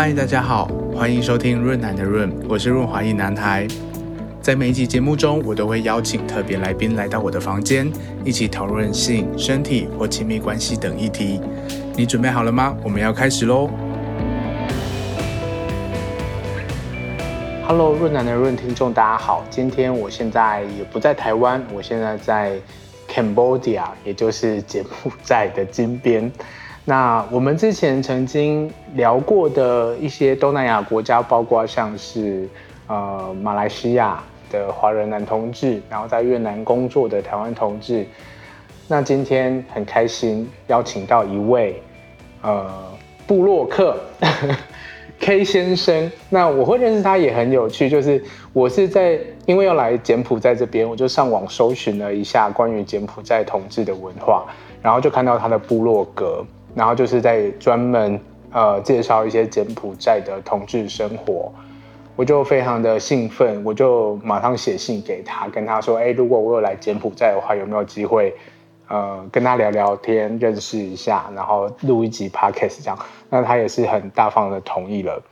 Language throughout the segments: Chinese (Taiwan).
嗨，Hi, 大家好，歡迎收聽潤男的 room，我是潤滑液男孩。在每一集節目中，我都會邀請特別來賓來到我的房間，一起討論性、身體或親密關係等議題。你準備好了嗎？我們要開始嘍。Hello，潤男的 room 聽眾，大家好。今天我現在也不在台灣，我現在在 Cambodia，也就是柬埔寨的金邊。那我們之前曾經聊過的一些東南亞國家，包括像是呃馬來西亞的華人男同志，然後在越南工作的台灣同志。那今天很開心邀請到一位呃部落客 K 先生。那我會認識他也很有趣，就是我是在因為要來柬埔寨這邊，我就上網搜尋了一下關於柬埔寨同志的文化，然後就看到他的部落格。然後就是在專門呃介紹一些柬埔寨的同志生活，我就非常的興奮，我就馬上寫信給他，跟他說，哎、欸，如果我有來柬埔寨的話，有沒有機會，呃，跟他聊聊天，認識一下，然後錄一集 podcast，這樣，那他也是很大方的同意了。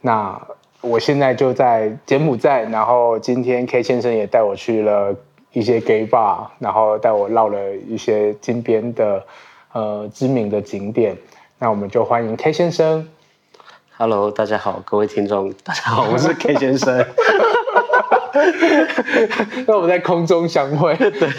那我現在就在柬埔寨，然後今天 K 先生也帶我去了一些 gay bar，然後帶我繞了一些金邊的。呃，知名的景點，那我們就歡迎 K 先生。Hello，大家好，各位聽眾，大家好，我是 K 先生。那 我們在空中相會，對，對，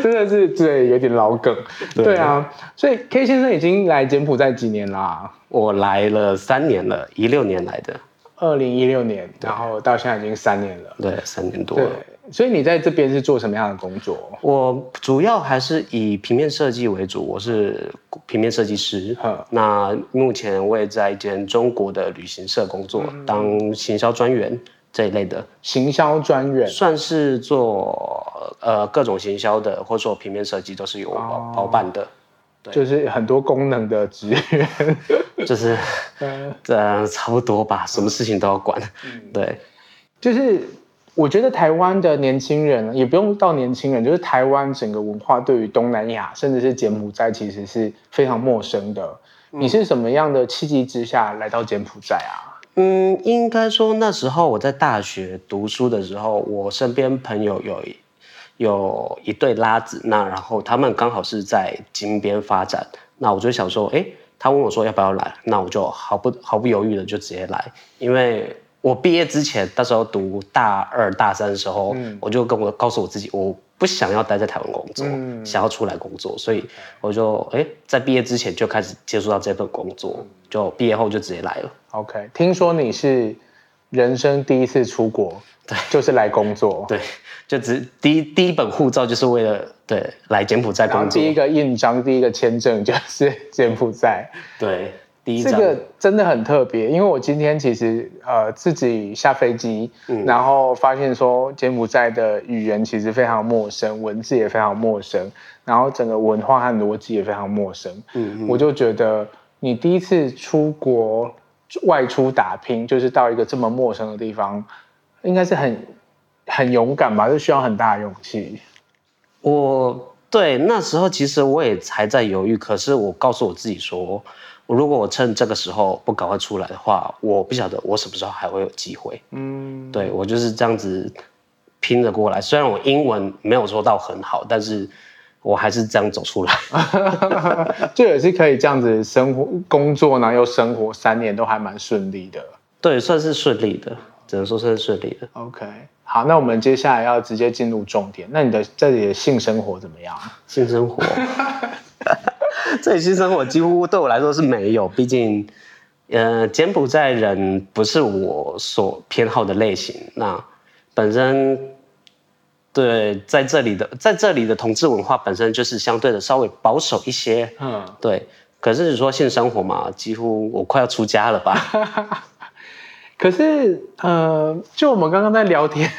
真的是對，有點老梗。對，對，對，對，對啊，所以 K 先生已經來柬埔寨幾年啦，啊？我來了三年了，一六年來的，二零一六年，然後到現在已經三年了，對，三年多了。所以你在這邊是做什麼樣的工作？我主要還是以平面設計為主，我是平面設計師。呵那目前我也在一間中國的旅行社工作，嗯、當行銷專員這一類的行銷專員，算是做呃各種行銷的，或者說平面設計都是由我包、哦、辦的，對就是很多功能的職員， 就是呃、嗯、差不多吧，什麼事情都要管，嗯、對，就是。我覺得台灣的年輕人也不用到年輕人，就是台灣整個文化對於東南亞，甚至是柬埔寨，其實是非常陌生的。嗯。你是什麼樣的契機之下來到柬埔寨啊？嗯，應該說那時候我在大學讀書的時候，我身邊朋友有有一對拉子，那然後他們剛好是在金邊發展，那我就想說，誒，他問我說要不要來，那我就毫不毫不猶豫的就直接來，因為。我畢業之前，到時候讀大二、大三的時候，嗯、我就跟我告訴我自己，我不想要待在台灣工作，嗯、想要出來工作，所以我就哎、欸，在畢業之前就開始接觸到這份工作，就畢業後就直接來了。OK，聽說你是人生第一次出國，對，就是來工作，對，就只第一第一本護照就是為了對來柬埔寨工作，第一個印章、第一個簽證就是柬埔寨，對。這個真的很特別，因為我今天其實呃自己下飛機，嗯，然後發現說柬埔寨的語言其實非常陌生，文字也非常陌生，然後整個文化和邏輯也非常陌生。嗯嗯，我就覺得你第一次出國外出打拼，就是到一個這麼陌生的地方，應該是很很勇敢吧？就需要很大的勇氣。我對那時候其實我也還在猶豫，可是我告訴我自己說，如果我趁這個時候不趕快出來的話，我不曉得我什麼時候還會有機會。嗯對，對我就是這樣子拼着過來。雖然我英文沒有說到很好，但是我還是這樣走出來， 就也是可以這樣子生活工作，然後又生活三年，都還蠻順利的。對，算是順利的，只能說算是順利的。OK，好，那我們接下來要直接進入重點。那你的這裡的性生活怎麼樣？性生活。 這裡性生活幾乎對我來說是沒有，畢竟，呃，柬埔寨人不是我所偏好的類型。那本身對在這裡的在這裡的同志文化本身就是相對的稍微保守一些。嗯，對。可是你說性生活嘛，幾乎我快要出家了吧？ 可是呃，就我們剛剛在聊天，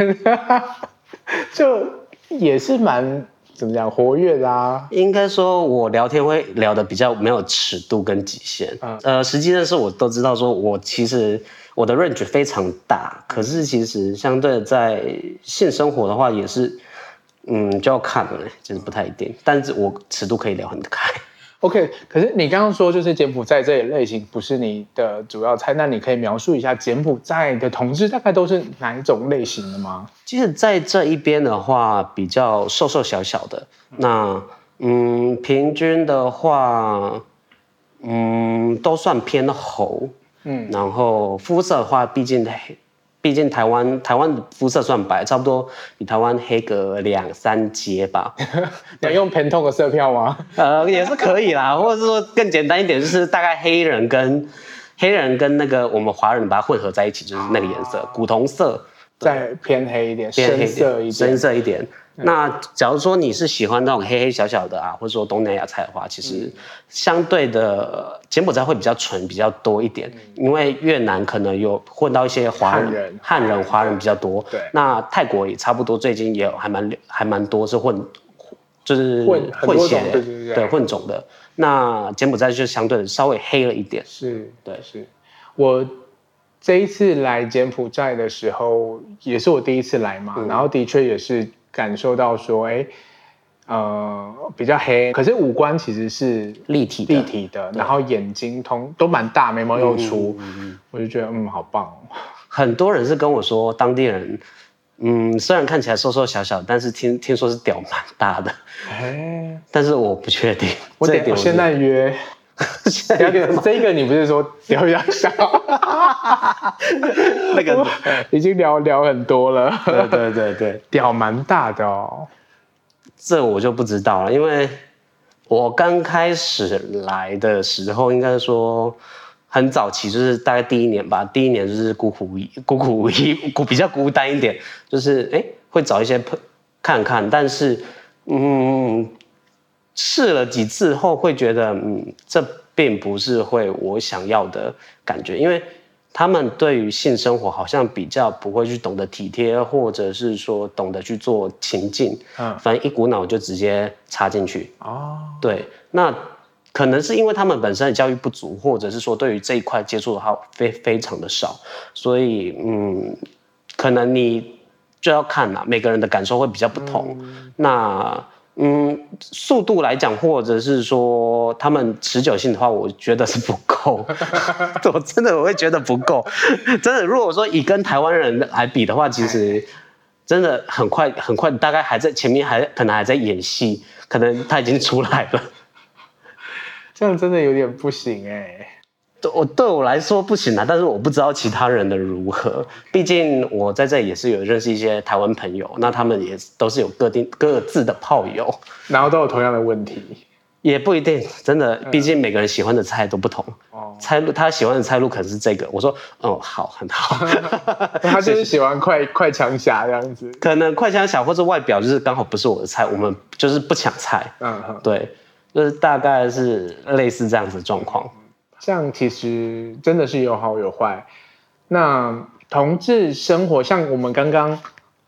就也是蠻。怎麼樣活躍啊？應該說，我聊天會聊得比較沒有尺度跟極限。呃，實際上是我都知道，說我其實我的 range 非常大，可是其實相對的在性生活的話，也是嗯，就要看了嘞、欸，就是不太一定。但是我尺度可以聊很開。OK，可是你剛剛說就是柬埔寨這一類型不是你的主要菜，那你可以描述一下柬埔寨的同志大概都是哪一種類型的嗎？其實，在這一邊的話，比較瘦瘦小小的，那嗯，平均的話，嗯，都算偏猴，嗯，然後膚色的話，畢竟的黑。畢竟台灣台灣膚色算白，差不多比台灣黑個兩三階吧。能 用 Pantone 的色票嗎？ 呃，也是可以啦，或者是說更簡單一點，就是大概黑人跟黑人跟那個我們華人把它混合在一起，就是那個顏色，古銅色，再偏黑一點，偏黑一點，深色一點，深色一點。那假如說你是喜歡那種黑黑小小的啊，或者說東南亞菜的話，其實相對的、嗯、柬埔寨會比較純比較多一點，嗯、因為越南可能有混到一些華人、漢人、漢人華人比較多。對。那泰國也差不多，最近也有還蠻還蠻多是混，就是混血混血的對對混種的。嗯、那柬埔寨就相對的稍微黑了一點。是，對，是我這一次來柬埔寨的時候，也是我第一次來嘛，嗯、然後的確也是。感受到說，哎、欸，呃，比較黑，可是五官其實是立體立體的，對然後眼睛通都蠻大，眉毛又粗，嗯嗯嗯嗯我就覺得嗯，好棒、哦。很多人是跟我說當地人，嗯，雖然看起來瘦瘦小小，但是聽聽說是屌蠻大的，哎、欸，但是我不確定。我得點，我，我現在約，現在約這個你不是說屌比較小？ 哈哈， 那個 已經聊聊很多了。對對對對，屌蠻大的哦。這我就不知道了，因為我剛開始來的時候，應該說很早期，就是大概第一年吧。第一年就是孤苦無依，孤苦無依，比較孤單一點。就是、欸、會找一些朋看看，但是嗯，試了幾次後會覺得，嗯，這並不是會我想要的感覺，因為。他們對於性生活好像比較不會去懂得體貼，或者是說懂得去做情境，嗯，反正一股腦就直接插進去哦。對，那可能是因為他們本身的教育不足，或者是說對於這一塊接觸的話非非常的少，所以嗯，可能你就要看啦，每個人的感受會比較不同。嗯，那。嗯，速度來講，或者是說他們持久性的話，我覺得是不夠。 我真的我會覺得不夠。真的，如果說以跟台灣人來比的話，其實真的很快很快，大概還在前面還，還可能還在演戲，可能他已經出來了。這樣真的有點不行哎、欸。對，我對我來說不行啊，但是我不知道其他人的如何。畢竟我在這裡也是有認識一些台灣朋友，那他們也都是有各定各自的炮友，然後都有同樣的問題，也不一定，真的，畢竟每個人喜歡的菜都不同。嗯、菜他喜歡的菜路可能是這個，我說，哦、嗯，好，很好。 他就是喜歡快謝謝快槍俠這樣子，可能快槍俠或者外表就是剛好不是我的菜，我們就是不搶菜。嗯哼，對，就是大概是類似這樣子的狀況。這樣其實真的是有好有壞。那同志生活，像我們剛剛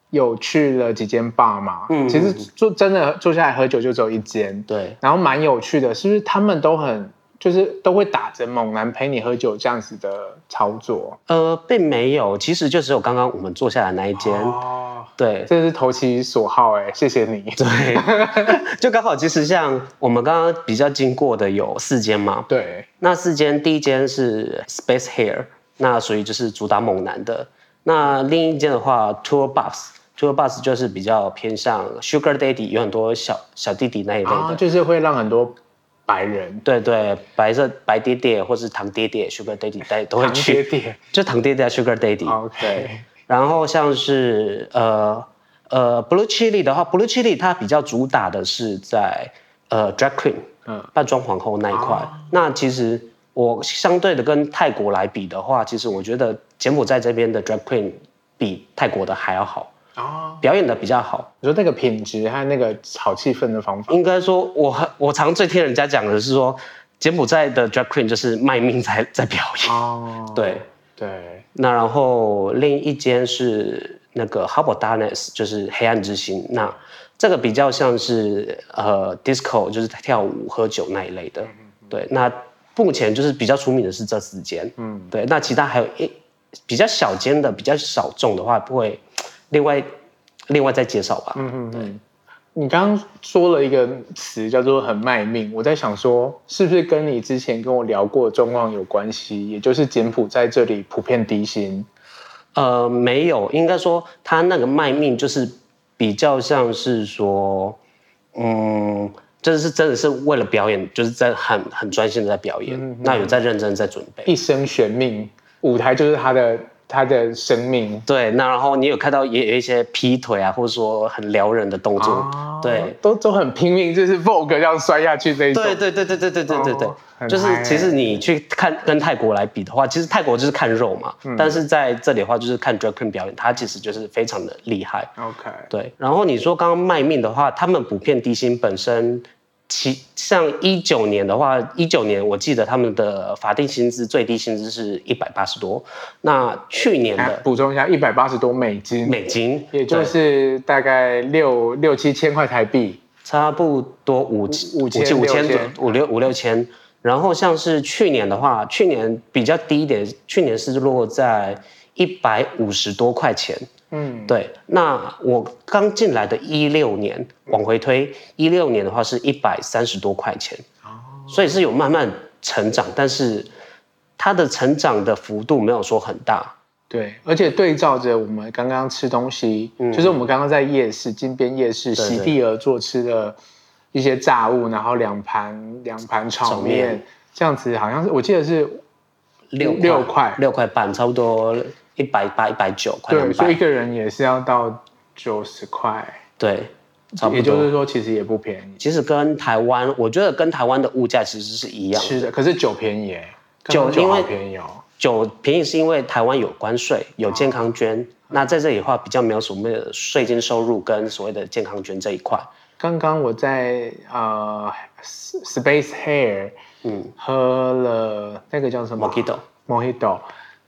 有去了幾間 bar 嘛，嗯，其實坐真的坐下來喝酒就只有一間，對，然後蠻有趣的，是不是？他們都很就是都會打着猛男陪你喝酒這樣子的操作，呃，並沒有，其實就只有剛剛我們坐下來那一間。哦對，這是投其所好哎、欸，謝謝你。 對，就剛好，其實像我們剛剛比較經過的有四間嘛。對，那四間第一間是 Space Hair，那屬於就是主打猛男的。那另一間的話，Tour Bus，Tour Bus 就是比較偏向 Sugar Daddy，有很多小小弟弟那一類的、啊，就是會讓很多白人，對，對對，白色白爹爹或是糖爹爹，Sugar Daddy 都都會去， 糖爹爹就糖爹爹，Sugar Daddy，K。Okay. 然後像是呃呃，Blue Chili 的話，Blue Chili 它比較主打的是在呃 drag queen，嗯，扮裝皇後那一塊。哦，那其實我相對的跟泰國來比的話，其實我覺得柬埔寨這邊的 drag queen 比泰國的還要好，哦，表演的比較好。你說那個品質還有那個好氣氛的方法，應該說我，我我常常最聽人家講的是說，柬埔寨的 drag queen 就是賣命在在表演，哦，對。對，那然後另一間是那個 Hubba Darkness 就是黑暗之星。那這個比較像是呃 disco，就是跳舞喝酒那一類的。對，那目前就是比較出名的是這四間。嗯，對，那其他還有一比較小間的比較小眾的話，不會另外另外再介紹吧。嗯嗯嗯。對你剛剛說了一個詞叫做“很賣命”，我在想說是不是跟你之前跟我聊過的狀況有關係？也就是柬埔寨在這裡普遍低薪，呃，沒有，應該說他那個賣命就是比較像是說，嗯，就是真的是為了表演，就是在很很專心的在表演，嗯哼，那有在認真在準備，一生懸命，舞台就是他的。他的生命對。那然後你有看到也有一些劈腿啊，或者說很撩人的動作，哦、對，都都很拼命，就是 Vogue 要摔下去這一種。對對對對對對對對對，哦、就是其實你去看跟泰國來比的話，其實泰國就是看肉嘛，嗯、但是在這裡的話就是看 Drag Queen 表演，他其實就是非常的厲害。OK，對，然後你說剛剛賣命的話，他們普遍低薪本身。其像一九年的話，一九年我記得他們的法定薪資最低薪資是一百八十多。那去年的補充一下，一百八十多美金，美金也就是大概六對六七千塊台幣，差不多五五千五六五六五六千。嗯。然後像是去年的話，去年比較低一點，去年是落在一百五十多塊錢。嗯，對，那我剛進來的一六年，往回推一六年的話是一百三十多塊錢，哦，所以是有慢慢成長，但是它的成長的幅度沒有說很大。對，而且對照着我們剛剛吃東西，嗯，就是我們剛剛在夜市金邊夜市席地而坐吃的一些炸物，對對，然後兩盤兩盤炒麵，炒麵，這樣子好像是我記得是六塊六塊六塊半，差不多。一百八、一百九塊，對，所以一個人也是要到九十塊，對，差不多。也就是說，其實也不便宜。其實跟台灣，我覺得跟台灣的物價其實是一樣。是的，可是酒便宜哎，酒因為便宜哦，酒便宜是因為台灣有關稅、有健康捐。哦、那在這裡的話，比較沒有所謂的稅金收入跟所謂的健康捐這一塊。剛剛我在呃 Space Hair，嗯，喝了那個叫什麼 Mojito Mojito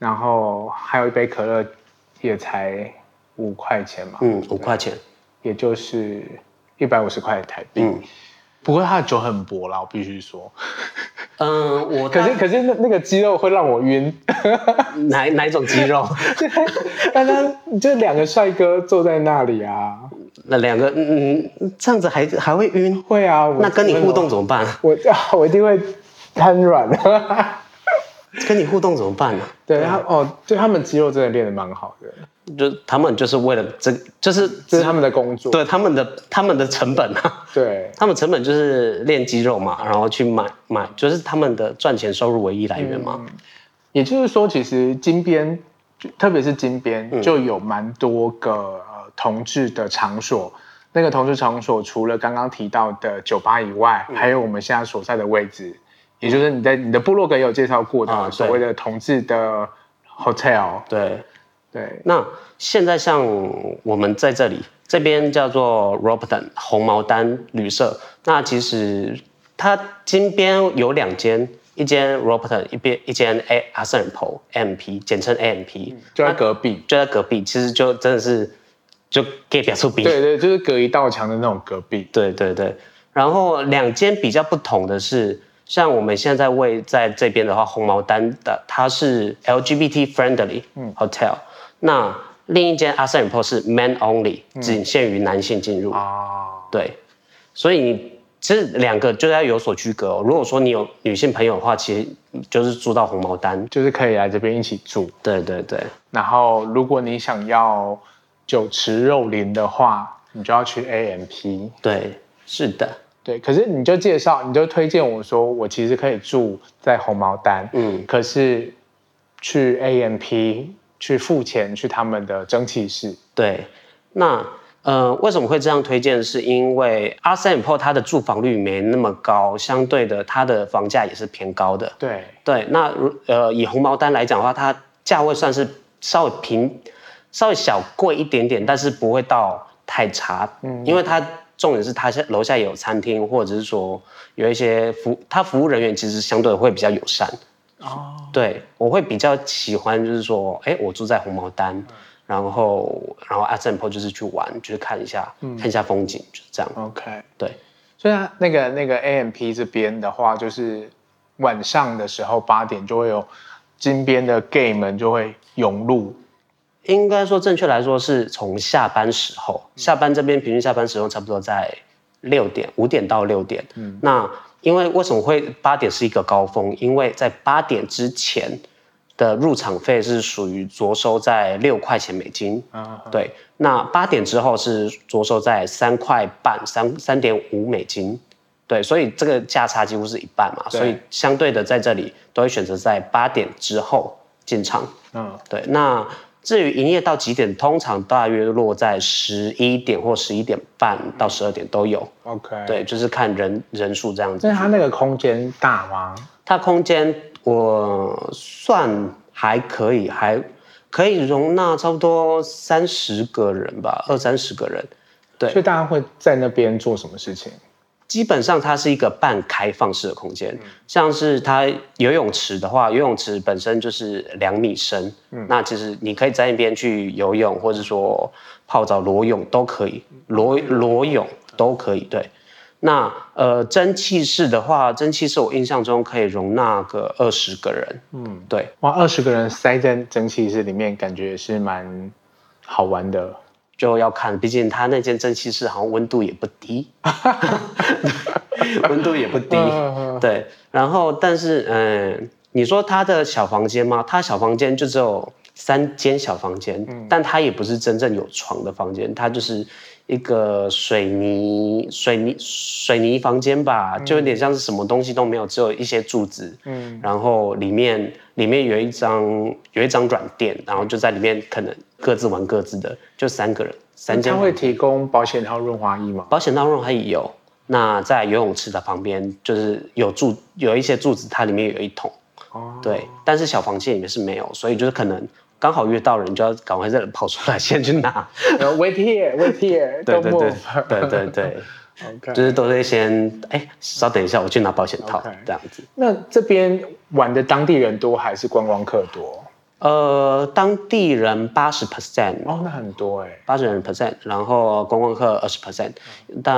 然後還有一杯可樂，也才五塊錢嘛。嗯，吧五塊錢，也就是一百五十塊台幣，嗯。不過他的酒很薄啦，我必須說。嗯，呃，我可是可是那那個肌肉會讓我暈。 哪哪種肌肉？剛剛 就，就兩個帥哥坐在那裡啊。那兩個嗯，這樣子還還會暈？會啊。那跟你互動怎麼辦？我我一定會癱軟 跟你互動怎麼辦呢、啊？對，他哦，就他們肌肉真的練得蠻好的，就他們就是為了這，就是這是他們的工作，對他們的他們的成本啊，對，他們成本就是練肌肉嘛，然後去買買，就是他們的賺錢收入唯一來源嘛。嗯、也就是說，其實金邊，特別是金邊，就有蠻多個、呃、同志的場所。嗯、那個同志場所除了剛剛提到的酒吧以外，嗯、還有我們現在所在的位置。也就是你在你的部落格也有介紹過的所謂的同志的 hotel，對對。那現在像我們在這裡這邊叫做 Roberton 紅毛丹旅社，那其實它，金邊有兩間，一間 Roberton 一邊一間 Arthur and Paul 簡稱 A M P，就在隔壁，就在隔壁，其實就真的是就可以表述彼此，對對，就是隔一道牆的那種隔壁。對對對，然後兩間比較不同的是，像我們現在位在這邊的話，紅毛丹的它是 L G B T friendly hotel，嗯。那另一間 Ampo 是 m a n only，僅、嗯、限於男性進入。哦、啊，對，所以你這兩個就要有所區隔。哦。如果說你有女性朋友的話，其實就是住到紅毛丹，就是可以來這邊一起住。對對對。然後如果你想要酒池肉林的話，你就要去 AMP。對，是的。對，可是你就介紹，你就推薦我說，我其實可以住在紅毛丹，嗯，可是去 A M P 去付錢去他們的蒸汽室。對，那，呃，為什麼會這樣推薦？是因為阿三浦它的住房率沒那麼高，相對的它的房價也是偏高的。對對，那，呃，以紅毛丹來講的話，它價位算是稍微平，稍微小貴一點點，但是不會到太差，嗯，因為它。重點是他下樓下也有餐廳，或者是說有一些服，他服務人員其實相對會比較友善。哦，對，我會比較喜歡，就是說，哎、欸，我住在紅毛丹，嗯、然後，然後阿正坡就是去玩，就是看一下，嗯、看一下風景，就是這樣。嗯、OK，對。所以啊、那個，那個那個 A M P 這邊的話，就是晚上的時候八點就會有金邊的 Gay 們就會湧入。應該說，正確來說是從下班時候，下班這邊平均下班時候差不多在六點，五點到六點。嗯，那因為為什麼會八點是一個高峰？因為在八點之前的入場費是屬於酌收在六塊錢美金，嗯，對。那八點之後是酌收在三塊半，三三點五美金，對。所以這個價差幾乎是一半嘛，所以相對的在這裡都會選擇在八點之後進場。嗯，對。那至於營業到幾點，通常大約落在十一點或十一點半到十二點都有。OK，對，就是看人人數這樣子。但是它那個空間大嗎？它空間我算還可以，還可以容納差不多三十個人吧，二三十個人。對，所以大家會在那邊做什麼事情？基本上它是一個半開放式的空間，像是它游泳池的話，游泳池本身就是兩米深，嗯，那其實你可以在那邊去游泳，或者說泡澡、裸泳都可以，裸裸泳都可以。對，那呃蒸汽室的話，蒸汽室我印象中可以容納個二十個人，嗯，對，哇，二十個人塞在蒸汽室裡面，感覺也是蠻好玩的。就要看，畢竟他那間蒸汽室好像溫度也不低，溫 度也不低。 對，然後但是，嗯，你說他的小房間嗎？他小房間就只有三間小房間，嗯、但他也不是真正有床的房間，他就是一個水泥、水泥、水泥房間吧，就有點像是什麼東西都沒有，只有一些柱子。嗯、然後裡面裡面有一張有一張軟墊，然後就在裡面可能。各自玩各自的，就三個人。三。他們會提供保險套、潤滑液嗎？保險套、潤滑液有。那在游泳池的旁邊，就是有柱，有一些柱子，它裡面有一桶。哦。Oh. 對，但是小房間裡面是沒有，所以就是可能剛好遇到人，就要趕快再跑出來，先去拿。Oh, wait here, wait here. Don't move. 對，對，對，對對對。 OK。就是都得先，哎、欸，稍等一下，我去拿保險套，Okay. 這樣子。那這邊玩的當地人多還是觀光客多？呃，當地人八十 percent，哦，那很多哎、欸，八十人 percent，然後觀光客二十 percent，但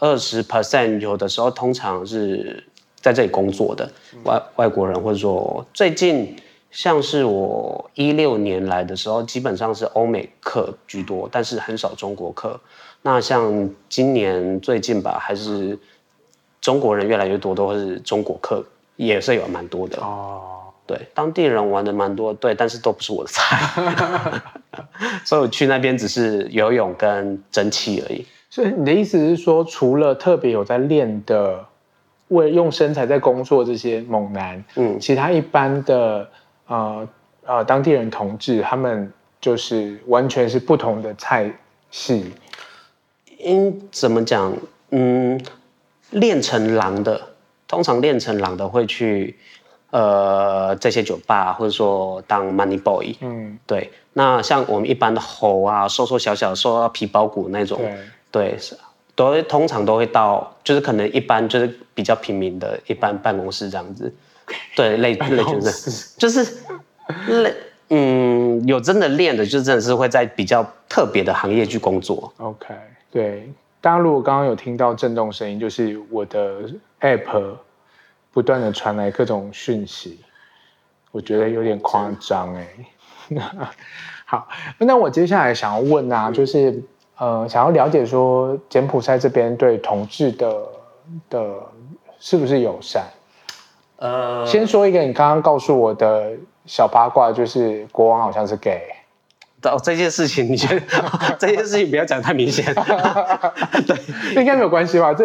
二十 percent 有的時候通常是在這裡工作的、嗯、外外國人，或者說最近像是我一六年來的時候，基本上是歐美客居多，但是很少中國客。那像今年最近吧，還是中國人越來越多，都是中國客也是有蠻多的哦。對，當地人玩的蠻多，對，但是都不是我的菜， 所以我去那邊只是游泳跟蒸汽而已。所以你的意思是說，除了特別有在練的，為用身材在工作這些猛男，嗯，其他一般的，呃呃，當地人同志，他們就是完全是不同的菜式。因怎麼講，嗯，練成狼的，通常練成狼的會去，呃，這些酒吧或者說當 money boy，嗯，對。那像我們一般的猴啊，瘦瘦小小的，瘦到皮包骨那種，對，對，是、啊，都通常都會到，就是可能一般就是比較平民的，一般辦公室這樣子，嗯、對，類，似的公就是， 類，嗯，有真的練的，就真的是會在比較特別的行業去工作。OK，對。大家如果剛剛有聽到震動聲音，就是我的 app。不斷的傳來各種訊息，我覺得有點誇張哎。 好，那我接下來想要問啊，嗯、就是、呃、想要了解說柬埔寨這邊對同志的的，是不是友善？呃、嗯，先說一個你剛剛告訴我的小八卦，就是國王好像是 gay。哦，這件事情，你覺得，得、哦、這件事情不要講太明顯。 對，應該沒有關係吧？這，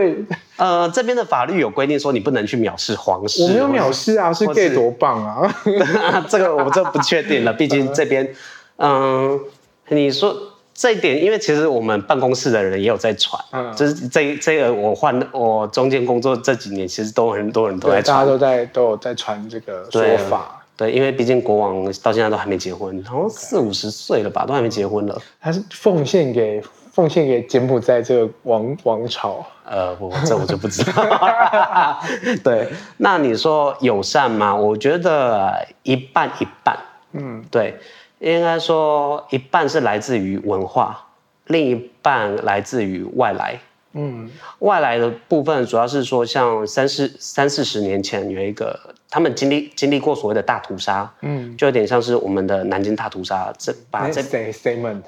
呃，這邊的法律有規定說你不能去藐視皇室。我沒有藐視啊，是 gay 者者多棒啊,者對啊！這個我就不確定了， 畢竟這邊，嗯、呃，你說這一點，因為其實我們辦公室的人也有在傳，嗯、就是這這個我換我中間工作這幾年，其實都很多人都在傳，大家都在都有在傳這個說法。對，因為畢竟國王到現在都還沒結婚，好像四五十歲了吧，Okay. 都還沒結婚了。他是奉獻給奉獻給柬埔寨這個王王朝？呃，不，不，這我就不知道。 對，那你說友善嗎？我覺得一半一半。嗯，對，應該說一半是來自於文化，另一半來自於外來。嗯，外來的部分主要是說，像三四三四十年前有一個。他們經歷經歷過所謂的大屠殺，嗯，就有點像是我們的南京大屠殺，這、嗯、把這誰 statement？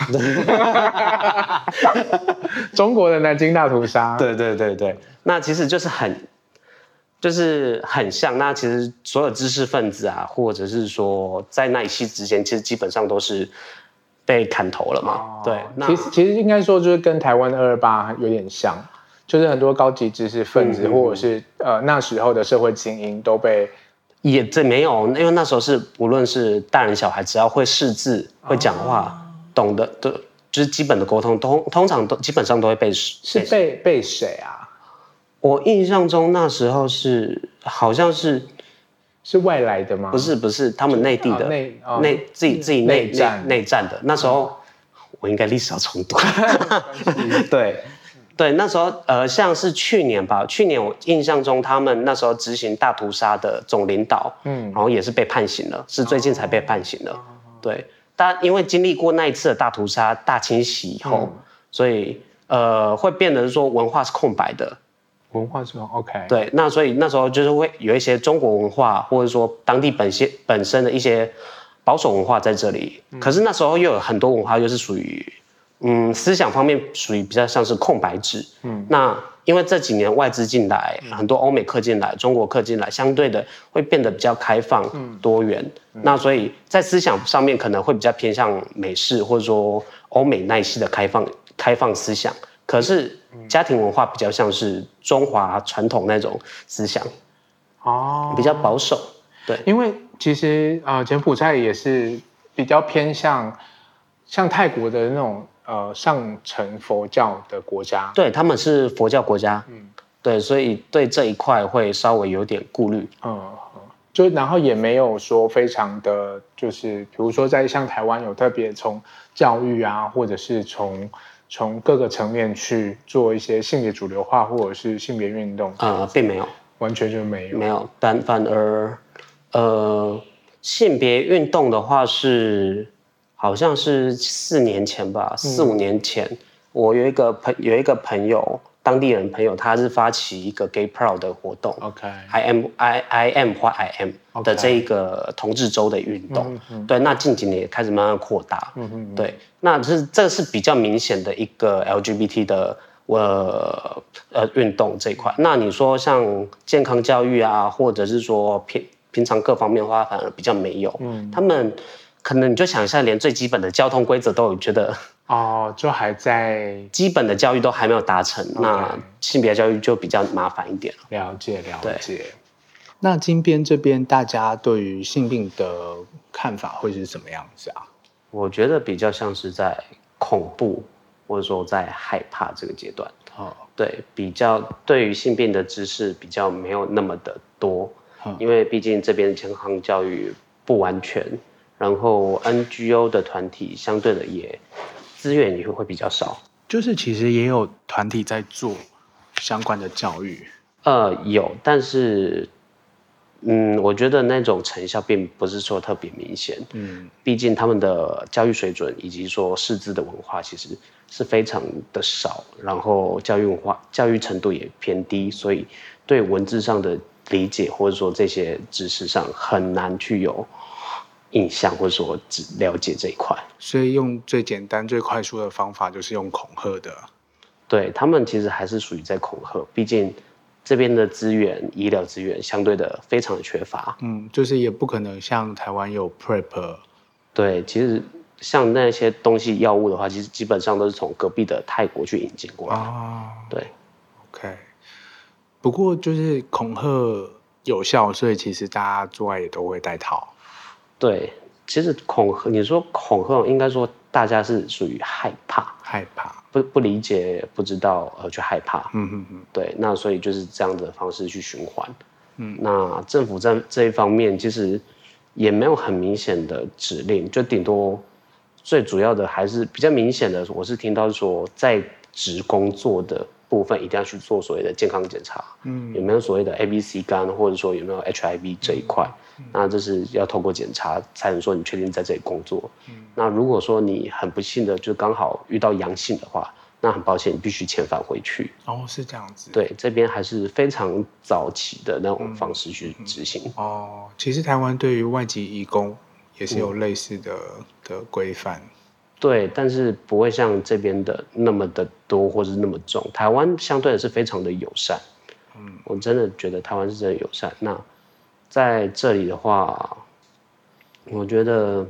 中國的南京大屠殺，對對對對，那其實就是很，就是很像。那其實所有知識分子啊，或者是說在那一期之間，其實基本上都是被砍頭了嘛。哦、對，那，其實其實應該說就是跟台灣的二二八有點像。就是很多高級知識分子，嗯、或者是呃那時候的社會精英，都被也這沒有，因為那時候是不論是大人小孩，只要會識字、會講話、哦、懂得都就是基本的溝通，通通常都基本上都會被，被誰是被被誰啊？我印象中那時候是好像是是外來的嗎？不是不是，他們內地的內內、哦哦、自己自己內戰內戰的那時候，哦、我應該歷史要重讀， 對。對，那時候，呃，像是去年吧，去年我印象中，他們那時候執行大屠殺的總領導，嗯，然後也是被判刑了，是最近才被判刑了。哦、對，但因為經歷過那一次的大屠殺、大清洗以後，嗯、所以，呃，會變得說文化是空白的，文化是 OK。對，那所以那時候就是會有一些中國文化，或者說當地本身本身的一些保守文化在這裡，可是那時候又有很多文化又是屬於。嗯，思想方面屬於比較像是空白紙。嗯，那因為這幾年外資進來，嗯、很多歐美客進來，中國客進來，相對的會變得比較開放、多元。嗯嗯、那所以在思想上面可能會比較偏向美式或者說歐美那一系的開放、開放思想。可是家庭文化比較像是中華傳統那種思想，哦，比較保守。對，因為其實啊、呃，柬埔寨也是比較偏向像泰國的那種。呃，上乘佛教的國家，對他們是佛教國家，嗯，對，所以對這一塊會稍微有點顧慮，嗯，就然後也沒有說非常的，就是比如說在像台灣有特別從教育啊，或者是從從各個層面去做一些性別主流化或者是性別運動，呃，並沒有，完全就沒有，沒有，但反而，呃，性別運動的話是。好像是四年前吧，四五年前，嗯、我有一個朋有一個朋友，當地人朋友，他是發起一個 Gay Proud 的活動，OK，I Okay . am I am 或 I, I am 的這一個同志周的運動，Okay. 對，那近幾年也開始慢慢擴大，嗯嗯對，那是這是比較明顯的一個 LGBT 的呃、呃、運動這一塊，那你說像健康教育啊，或者是說平平常各方面的話，反而比較沒有，嗯、他們。可能你就想一下，連最基本的交通規則都有覺得哦，就還在基本的教育都還沒有達成，Okay. 那性別教育就比較麻煩一點了。了解，了解。對那金邊這邊，大家對於性病的看法會是什麼樣子啊？我覺得比較像是在恐怖，或者說在害怕這個階段。哦、嗯，對，比較對於性病的知識比較沒有那麼的多，嗯、因為畢竟這邊健康教育不完全。然後 NGO 的團體相對的也資源也會會比較少，就是其實也有團體在做相關的教育，呃有，但是嗯，我覺得那種成效並不是說特別明顯，嗯，畢竟他們的教育水準以及說識字的文化其實是非常的少，然後教育文化教育程度也偏低，所以對文字上的理解或者說這些知識上很難去有。印象或者說只了解這一塊，所以用最簡單最快速的方法就是用恐嚇的，對他們其實還是屬於在恐嚇，畢竟這邊的資源醫療資源相對的非常的缺乏，嗯，就是也不可能像台灣有 Prep，對，其實像那些東西藥物的話，其實基本上都是從隔壁的泰國去引進過來的，哦、對，OK，不過就是恐嚇有效，所以其實大家做愛也都會帶套。對，其實恐嚇，你說恐嚇，應該說大家是屬於害怕，害怕，不不理解，不知道，而、呃、去害怕。嗯嗯嗯。對，那所以就是這樣的方式去循環。嗯，那政府在這一方面其實也沒有很明顯的指令，就頂多最主要的還是比較明顯的，我是聽到說在職工作的部分一定要去做所謂的健康檢查，嗯，有沒有所謂的 A B C 肝，或者說有沒有 H I V 這一塊。嗯那這是要透過檢查才能說你確定在這裡工作。嗯，那如果說你很不幸的就剛好遇到陽性的話，那很抱歉，你必須遣返回去。哦，是這樣子。對，這邊還是非常早期的那種方式去執行。嗯嗯。哦，其實台灣對於外籍移工也是有類似的、嗯、的規範。對，但是不會像這邊的那麼的多，或是那麼重。台灣相對的是非常的友善。嗯，我真的覺得台灣是真的友善。那。在這裡的話，我覺得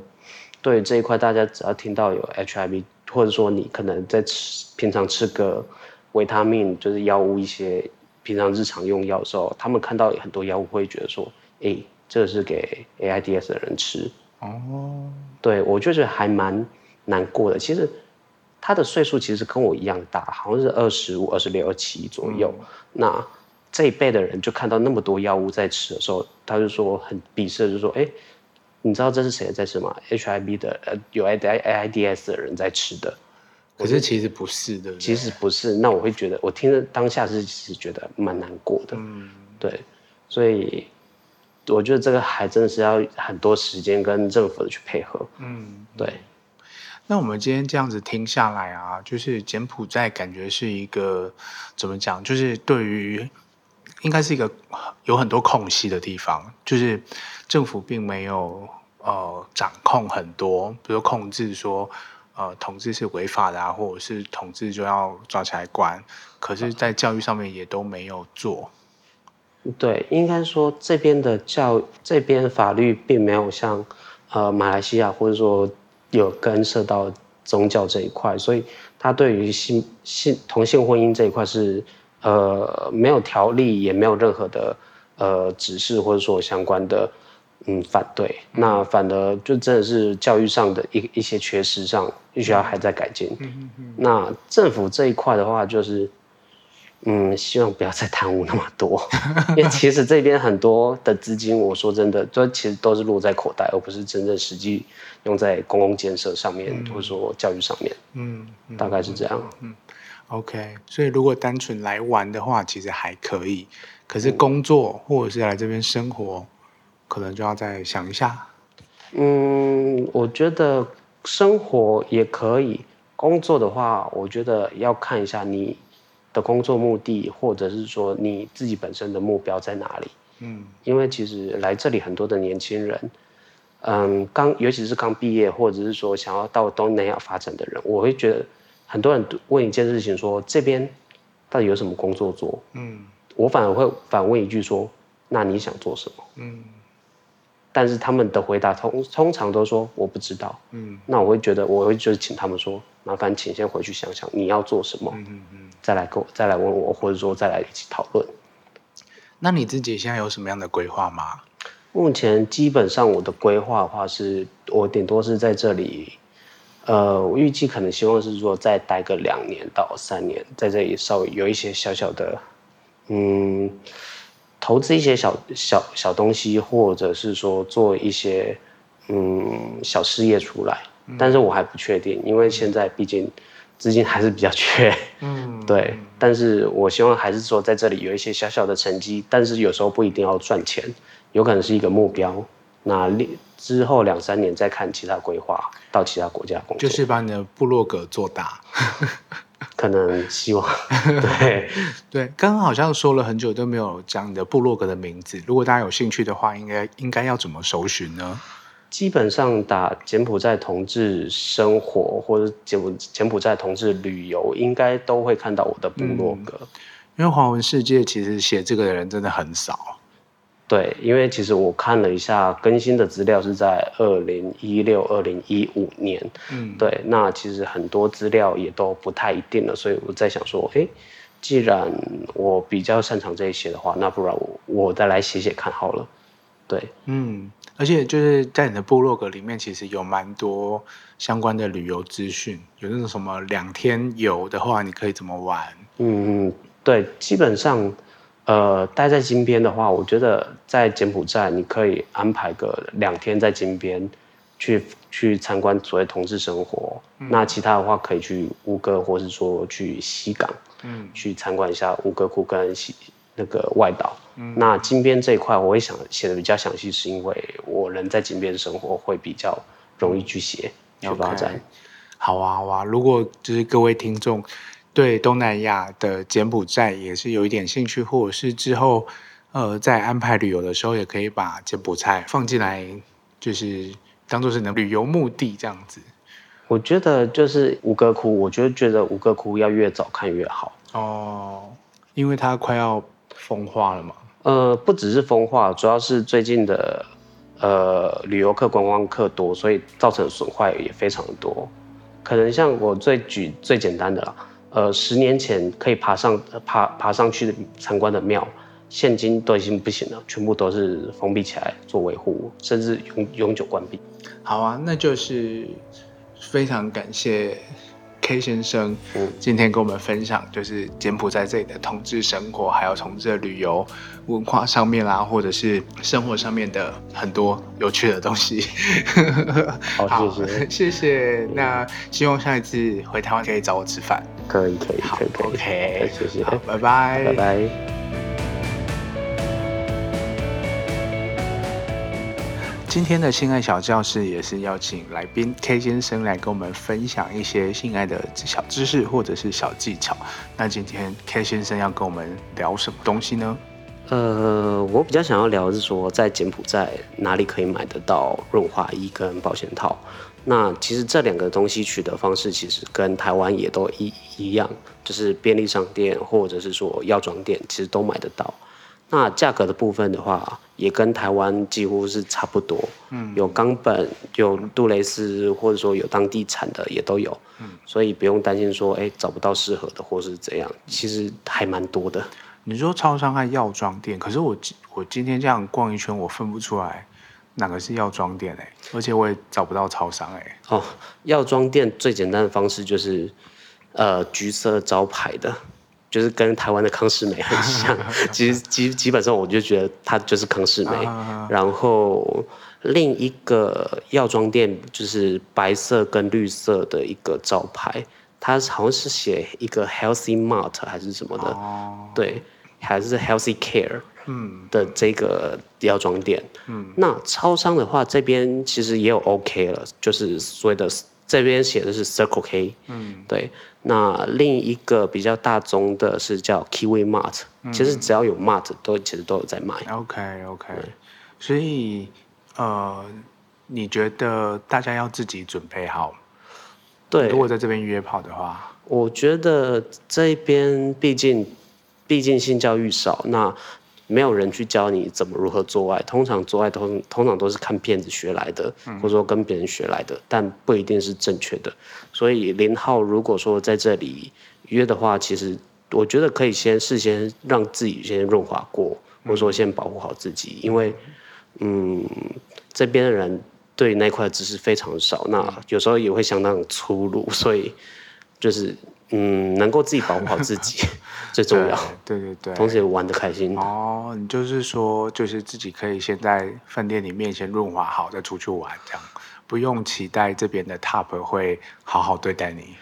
對這一塊，大家只要聽到有 HIV，或者說你可能在吃平常吃個維他命，就是藥物一些平常日常用藥的時候，他們看到很多藥物會覺得說，哎、欸，這是給 AIDS 的人吃。哦、嗯，對，我就覺得還蠻難過的。其實他的歲數其實跟我一樣大，好像是二十五、二十六、二十七左右。嗯、那這一輩的人就看到那麼多藥物在吃的時候，他就說很鄙視，就說：“哎、欸，你知道這是誰在吃嗎？H I V 的，呃，有 A I D S 的人在吃的。”可是其實不是的，其實不是。那我會覺得，我聽着當下是其實覺得蠻難過的。嗯，對，所以我覺得這個還真的是要很多時間跟政府的去配合。嗯，對。那我們今天這樣子聽下來啊，就是柬埔寨感覺是一個怎麼講？就是對於應該是一個有很多空隙的地方，就是政府並沒有呃掌控很多，比如控制說呃，同志是違法的啊，或者是同志就要抓起來關。可是，在教育上面也都沒有做。對，應該說這邊的教這邊法律並沒有像呃馬來西亞或者說有干涉到宗教這一塊，所以他對於性性同性婚姻這一塊是。呃，沒有條例，也沒有任何的呃指示，或者說相關的嗯反對。那反而就真的是教育上的一一些缺失，上，學校還在改進。嗯嗯嗯、那政府這一塊的話，就是嗯，希望不要再貪污那麼多，因為其實這邊很多的資金，我說真的，都 其實都是落在口袋，而不是真正實際用在公共建設上面，嗯、或者說教育上面。嗯，嗯嗯大概是這樣。嗯。OK，所以如果單純來玩的話，其實還可以。可是工作，嗯，或者是來這邊生活，可能就要再想一下。嗯，我覺得生活也可以，工作的話，我覺得要看一下你的工作目的，或者是說你自己本身的目標在哪裡。嗯，因為其實來這裡很多的年輕人，嗯，剛尤其是剛畢業，或者是說想要到東南亞發展的人，我會覺得。很多人問一件事情說，這邊到底有什麼工作做？嗯，我反而會反問一句說，那你想做什麼？嗯，但是他們的回答通通常都說我不知道。嗯，那我會覺得我會就請他們說，麻煩請先回去想想你要做什麼，嗯嗯，再來跟我再來問我，或者說再來一起討論。那你自己現在有什麼樣的規劃嗎？目前基本上我的規劃的話是，我頂多是在這裡。呃，我預計可能希望是說再待個兩年到三年，在這裡稍微有一些小小的，嗯，投資一些小小小東西，或者是說做一些嗯小事業出來，但是我還不確定，因為現在畢竟資金還是比較缺，嗯，對，但是我希望還是說在這裡有一些小小的成績，但是有時候不一定要賺錢，有可能是一個目標，那另。之後兩三年再看其他規劃，到其他國家工作，就是把你的部落格做大， 可能希望對對。剛 剛好像說了很久都沒有講你的部落格的名字，如果大家有興趣的話，應該應該要怎麼搜尋呢？基本上打柬埔寨同志生活或者柬埔柬埔寨同志旅遊，應該都會看到我的部落格，嗯，因為華文世界其實寫這個的人真的很少。對，因為其實我看了一下更新的資料是在二零一六、二零一五年。嗯，對，那其實很多資料也都不太一定了，所以我在想說，誒，既然我比較擅長這些的話，那不然我，我再來寫寫看好了。對，嗯，而且就是在你的部落格裡面，其實有蠻多相關的旅遊資訊，有那種什麼兩天遊的話，你可以怎麼玩？嗯，對，基本上。呃，待在金邊的話，我覺得在柬埔寨你可以安排個兩天在金邊，去去參觀所謂同志生活。嗯、那其他的話可以去吳哥，或是說去西港，嗯，去參觀一下吳哥窟跟西那個外島。嗯、那金邊這一塊，我會想寫的比較詳細，是因為我人在金邊生活會比較容易去寫、嗯、去發展。Okay. 好啊好啊，如果就是各位聽眾。對東南亞的柬埔寨也是有一點興趣，或者是之後，呃，在安排旅遊的時候，也可以把柬埔寨放進來，就是當做是旅遊目的這樣子。我覺得就是吳哥窟，我就覺得吳哥窟要越早看越好哦，因為它快要風化了嘛。呃，不只是風化，主要是最近的呃旅遊客、觀光客多，所以造成損壞也非常多。可能像我最舉最簡單的了。呃，十年前可以爬上爬爬上去的參觀的廟，現今都已經不行了，全部都是封閉起來做維護，甚至永永久關閉。好啊，那就是非常感謝。K 先生，今天跟我們分享就是柬埔寨這裡的同志生活，還有同志旅遊文化上面啦、啊，或者是生活上面的很多有趣的東西。好，好謝謝，謝謝。嗯、那希望下一次回台灣可以找我吃飯，可以可以可以。好可以，OK。謝謝，好，拜拜，拜拜。今天的性愛小教室也是邀請來賓 K 先生來跟我們分享一些性愛的小知識或者是小技巧。那今天 K 先生要跟我們聊什麼東西呢？呃，我比較想要聊的是說，在柬埔寨哪裡可以買得到潤滑液跟保險套？那其實這兩個東西取得方式其實跟台灣也都一一樣，就是便利商店或者是說藥妝店其實都買得到。那價格的部分的話，也跟台灣幾乎是差不多。嗯，有岡本，有杜蕾斯，嗯、或者說有當地產的也都有。嗯，所以不用擔心說、欸，找不到適合的或是怎樣，其實還蠻多的、嗯。你說超商和藥妝店，可是我我今天這樣逛一圈，我分不出來哪個是藥妝店哎、欸，而且我也找不到超商哎、欸。哦，藥妝店最簡單的方式就是，呃，橘色招牌的，就是跟台灣的康世美很像， 其實基基本上，我就覺得他就是康世美。 然後另一個藥妝店就是白色跟綠色的一個招牌，它好像是寫一個 Healthy Mart 還是什麼的，哦、對，還是 Healthy Care 的這個藥妝店。嗯、那超商的話，這邊其實也有 OK 了，就是所謂的這邊寫的是 Circle K，、嗯、對。那另一個比較大宗的是叫 Kiwi Mart，、嗯、其實只要有 Mart 都其實都有在賣。OK OK，、嗯、所以呃，你覺得大家要自己準備好？對，如果在這邊約炮的話，我覺得這邊畢竟畢竟性教育少，那。沒有人去教你怎麼如何做愛，通常做愛通通常都是看片子學來的，或者說跟別人學來的，但不一定是正確的。所以零號如果說在這裡約的話，其實我覺得可以先事先讓自己先潤滑過，或者說先保護好自己，因為嗯，這邊的人對那塊知識非常少，那有時候也會相當粗魯，所以就是。嗯，能夠自己保護好自己 最重要對。對對對，同時也玩的開心的。哦，你就是說，就是自己可以先在飯店裡面先潤滑好，再出去玩，這樣不用期待這邊的 Top 會好好對待你。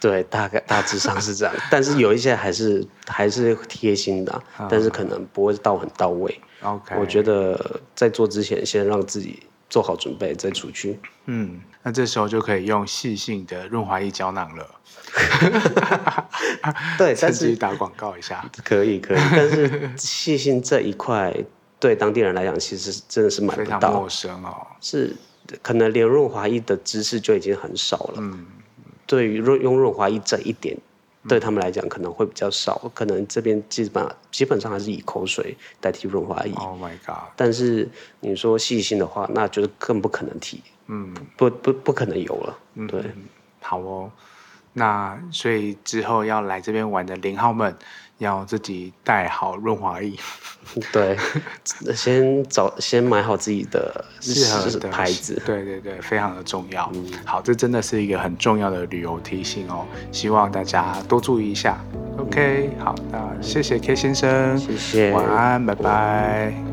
對，大概大致上是這樣， 但是有一些還是 還是貼心的，嗯、但是可能不會到很到位。OK，我覺得在做之前先讓自己。做好準備再出去。嗯，那這時候就可以用細性的潤滑液膠囊了。 對，趁機打廣告一下。可以可以， 但是細性這一塊對當地人來講，其實真的是買不到，非常陌生哦。是，可能連潤滑液的知識就已經很少了。嗯，對於用潤滑液這一點。對他們來講可能會比較少，可能這邊基本基本上還是以口水代替潤滑液。Oh my god！但是你說細心的話，那就是更不可能提。嗯，不不，不可能有了。嗯、對，好哦。那所以之後要來這邊玩的零號們，要自己帶好潤滑液，對， 先找先買好自己的適合的牌子，對，對對對，非常的重要。嗯、好，這真的是一個很重要的旅遊提醒哦，希望大家多注意一下。OK，好，那謝謝 K 先生，謝謝，晚安，拜拜。嗯